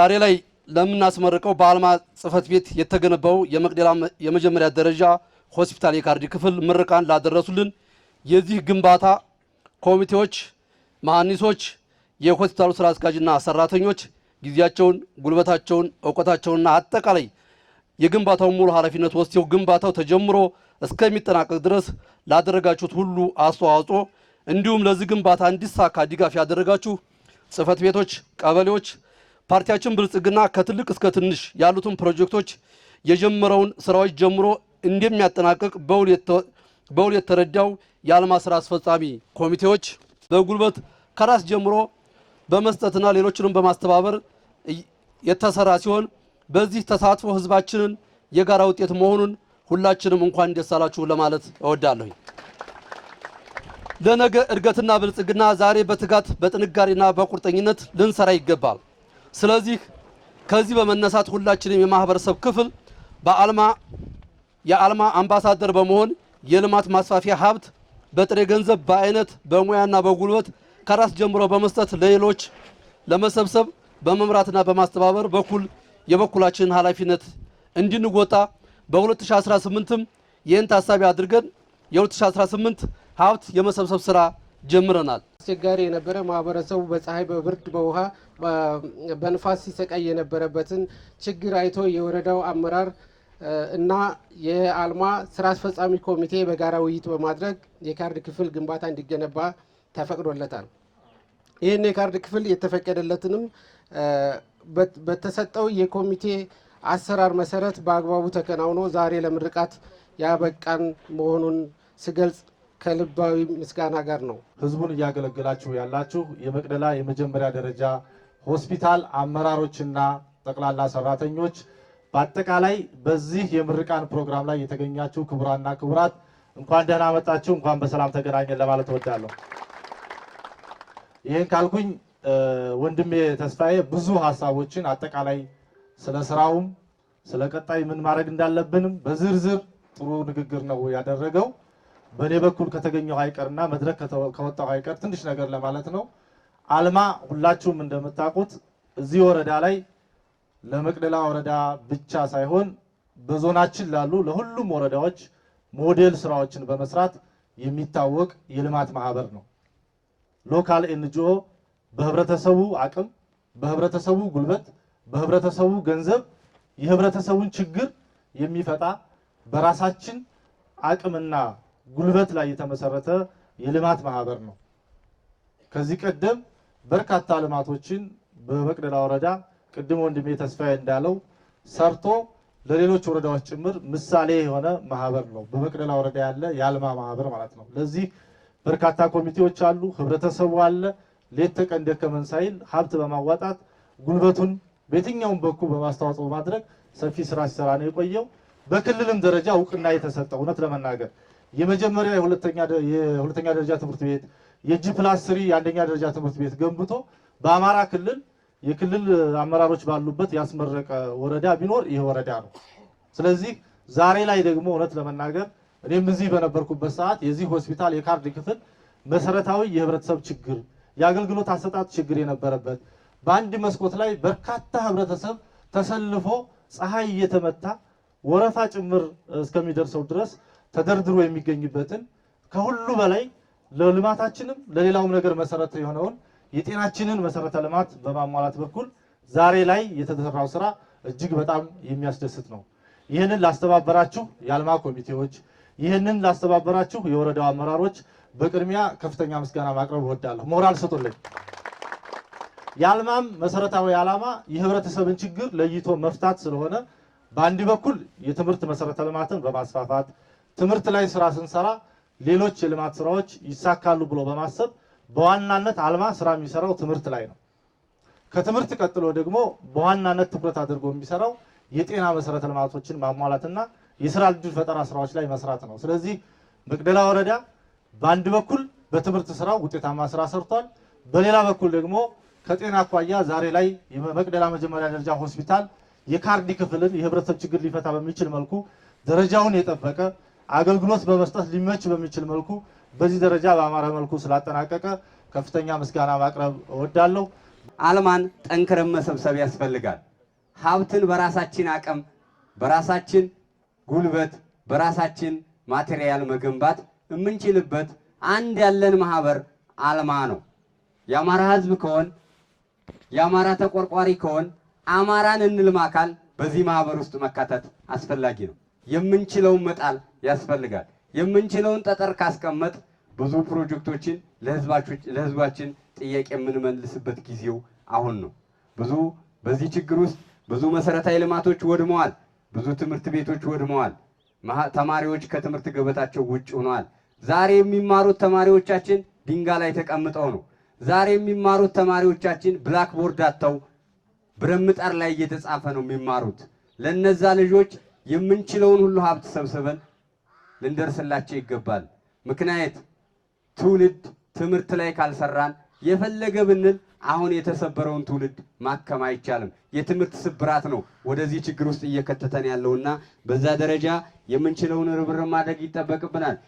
ዛሬ ላይ ለምናስመርቀው በአልማ ጽህፈት ቤት የተገነባው የመቅደላ የመጀመሪያ ደረጃ ሆስፒታል የካርድ ክፍል ምርቃን ላደረሱልን የዚህ ግንባታ ኮሚቴዎች፣ መሐንዲሶች፣ የሆስፒታሉ ስራ አስኪያጅና ሰራተኞች ጊዜያቸውን፣ ጉልበታቸውን፣ እውቀታቸውንና አጠቃላይ የግንባታውን ሙሉ ኃላፊነት ወስደው ግንባታው ተጀምሮ እስከሚጠናቀቅ ድረስ ላደረጋችሁት ሁሉ አስተዋጽኦ እንዲሁም ለዚህ ግንባታ እንዲሳካ ድጋፍ ያደረጋችሁ ጽህፈት ቤቶች፣ ቀበሌዎች ፓርቲያችን ብልጽግና ከትልቅ እስከ ትንሽ ያሉትን ፕሮጀክቶች የጀመረውን ስራዎች ጀምሮ እንደሚያጠናቅቅ በውል የተረዳው የአለማ ስራ አስፈጻሚ ኮሚቴዎች በጉልበት ከራስ ጀምሮ በመስጠትና ሌሎችንም በማስተባበር የተሰራ ሲሆን በዚህ ተሳትፎ ህዝባችንን የጋራ ውጤት መሆኑን ሁላችንም እንኳን ደስ አላችሁ ለማለት እወዳለሁኝ። ለነገ እድገትና ብልጽግና ዛሬ በትጋት በጥንካሬና በቁርጠኝነት ልንሰራ ይገባል። ስለዚህ ከዚህ በመነሳት ሁላችንም የማህበረሰብ ክፍል በአልማ የአልማ አምባሳደር በመሆን የልማት ማስፋፊያ ሀብት በጥሬ ገንዘብ በአይነት በሙያና በጉልበት ከራስ ጀምሮ በመስጠት ለሌሎች ለመሰብሰብ በመምራትና በማስተባበር በኩል የበኩላችንን ኃላፊነት እንድንወጣ በ2018ም ይህን ታሳቢ አድርገን የ2018 ሀብት የመሰብሰብ ስራ ጀምረናል። አስቸጋሪ የነበረ ማህበረሰቡ በፀሐይ፣ በብርድ፣ በውሃ፣ በንፋስ ሲሰቃይ የነበረበትን ችግር አይቶ የወረዳው አመራር እና የአልማ ስራ አስፈጻሚ ኮሚቴ በጋራ ውይይት በማድረግ የካርድ ክፍል ግንባታ እንዲገነባ ተፈቅዶለታል። ይህን የካርድ ክፍል የተፈቀደለትንም በተሰጠው የኮሚቴ አሰራር መሰረት በአግባቡ ተከናውኖ ዛሬ ለምርቃት ያበቃን መሆኑን ስገልጽ ከልባዊ ምስጋና ጋር ነው። ህዝቡን እያገለገላችሁ ያላችሁ የመቅደላ የመጀመሪያ ደረጃ ሆስፒታል አመራሮችና ጠቅላላ ሰራተኞች፣ በአጠቃላይ በዚህ የምርቃን ፕሮግራም ላይ የተገኛችሁ ክቡራና ክቡራት እንኳን ደህና መጣችሁ፣ እንኳን በሰላም ተገናኘን ለማለት እወዳለሁ። ይህን ካልኩኝ ወንድሜ ተስፋዬ ብዙ ሀሳቦችን አጠቃላይ ስለ ስራውም ስለ ቀጣይ ምን ማድረግ እንዳለብንም በዝርዝር ጥሩ ንግግር ነው ያደረገው። በእኔ በኩል ከተገኘው አይቀርና መድረክ ከወጣው አይቀር ትንሽ ነገር ለማለት ነው። አልማ ሁላችሁም እንደምታውቁት እዚህ ወረዳ ላይ ለመቅደላ ወረዳ ብቻ ሳይሆን በዞናችን ላሉ ለሁሉም ወረዳዎች ሞዴል ስራዎችን በመስራት የሚታወቅ የልማት ማህበር ነው። ሎካል ኤንጂኦ በህብረተሰቡ አቅም፣ በህብረተሰቡ ጉልበት፣ በህብረተሰቡ ገንዘብ የህብረተሰቡን ችግር የሚፈታ በራሳችን አቅምና ጉልበት ላይ የተመሰረተ የልማት ማህበር ነው። ከዚህ ቀደም በርካታ ልማቶችን በመቅደላ ወረዳ ቅድም ወንድሜ ተስፋዬ እንዳለው ሰርቶ ለሌሎች ወረዳዎች ጭምር ምሳሌ የሆነ ማህበር ነው። በመቅደላ ወረዳ ያለ የአልማ ማህበር ማለት ነው። ለዚህ በርካታ ኮሚቴዎች አሉ፣ ህብረተሰቡ አለ። ሌት ተቀን ደከመን ሳይል ሀብት በማዋጣት ጉልበቱን በየትኛውም በኩል በማስተዋጽኦ በማድረግ ሰፊ ስራ ሲሰራ ነው የቆየው። በክልልም ደረጃ እውቅና የተሰጠ እውነት ለመናገር የመጀመሪያ የሁለተኛ ደረጃ ትምህርት ቤት የጂ ፕላስ ስሪ የአንደኛ ደረጃ ትምህርት ቤት ገንብቶ በአማራ ክልል የክልል አመራሮች ባሉበት ያስመረቀ ወረዳ ቢኖር ይህ ወረዳ ነው። ስለዚህ ዛሬ ላይ ደግሞ እውነት ለመናገር እኔም እዚህ በነበርኩበት ሰዓት የዚህ ሆስፒታል የካርድ ክፍል መሰረታዊ የህብረተሰብ ችግር፣ የአገልግሎት አሰጣጥ ችግር የነበረበት በአንድ መስኮት ላይ በርካታ ህብረተሰብ ተሰልፎ ፀሐይ እየተመታ ወረፋ ጭምር እስከሚደርሰው ድረስ ተደርድሮ የሚገኝበትን ከሁሉ በላይ ለልማታችንም ለሌላውም ነገር መሰረተ የሆነውን የጤናችንን መሰረተ ልማት በማሟላት በኩል ዛሬ ላይ የተሰራው ስራ እጅግ በጣም የሚያስደስት ነው። ይህንን ላስተባበራችሁ የአልማ ኮሚቴዎች፣ ይህንን ላስተባበራችሁ የወረዳው አመራሮች በቅድሚያ ከፍተኛ ምስጋና ማቅረብ እወዳለሁ። ሞራል ስጡልኝ። የአልማም መሰረታዊ ዓላማ የህብረተሰብን ችግር ለይቶ መፍታት ስለሆነ በአንድ በኩል የትምህርት መሰረተ ልማትን በማስፋፋት ትምህርት ላይ ስራ ስንሰራ ሌሎች የልማት ስራዎች ይሳካሉ ብሎ በማሰብ በዋናነት አልማ ስራ የሚሰራው ትምህርት ላይ ነው። ከትምህርት ቀጥሎ ደግሞ በዋናነት ትኩረት አድርጎ የሚሰራው የጤና መሰረተ ልማቶችን ማሟላትና የስራ ዕድል ፈጠራ ስራዎች ላይ መስራት ነው። ስለዚህ መቅደላ ወረዳ በአንድ በኩል በትምህርት ስራ ውጤታማ ስራ ሰርቷል። በሌላ በኩል ደግሞ ከጤና አኳያ ዛሬ ላይ የመቅደላ መጀመሪያ ደረጃ ሆስፒታል የካርዲ ክፍልን የህብረተሰብ ችግር ሊፈታ በሚችል መልኩ ደረጃውን የጠበቀ አገልግሎት በመስጠት ሊመች በሚችል መልኩ በዚህ ደረጃ በአማረ መልኩ ስላጠናቀቀ ከፍተኛ ምስጋና ማቅረብ እወዳለሁ። አለማን ጠንክረን መሰብሰብ ያስፈልጋል። ሀብትን በራሳችን አቅም፣ በራሳችን ጉልበት፣ በራሳችን ማቴሪያል መገንባት የምንችልበት አንድ ያለን ማህበር አልማ ነው። የአማራ ህዝብ ከሆን የአማራ ተቆርቋሪ ከሆን አማራን እንልማ አካል በዚህ ማህበር ውስጥ መካተት አስፈላጊ ነው። የምንችለውን መጣል ያስፈልጋል። የምንችለውን ጠጠር ካስቀመጥ ብዙ ፕሮጀክቶችን ለህዝባችን ጥያቄ የምንመልስበት ጊዜው አሁን ነው። ብዙ በዚህ ችግር ውስጥ ብዙ መሰረታዊ ልማቶች ወድመዋል። ብዙ ትምህርት ቤቶች ወድመዋል። ተማሪዎች ከትምህርት ገበታቸው ውጭ ሆነዋል። ዛሬ የሚማሩት ተማሪዎቻችን ድንጋይ ላይ ተቀምጠው ነው። ዛሬ የሚማሩት ተማሪዎቻችን ብላክቦርድ አጥተው ብረት ላይ እየተጻፈ ነው የሚማሩት ለነዛ ልጆች የምንችለውን ሁሉ ሀብት ሰብስበን ልንደርስላቸው ይገባል። ምክንያት ትውልድ ትምህርት ላይ ካልሰራን የፈለገ ብንል አሁን የተሰበረውን ትውልድ ማከም አይቻልም። የትምህርት ስብራት ነው ወደዚህ ችግር ውስጥ እየከተተን ያለውና በዛ ደረጃ የምንችለውን ርብርብ ማድረግ ይጠበቅብናል።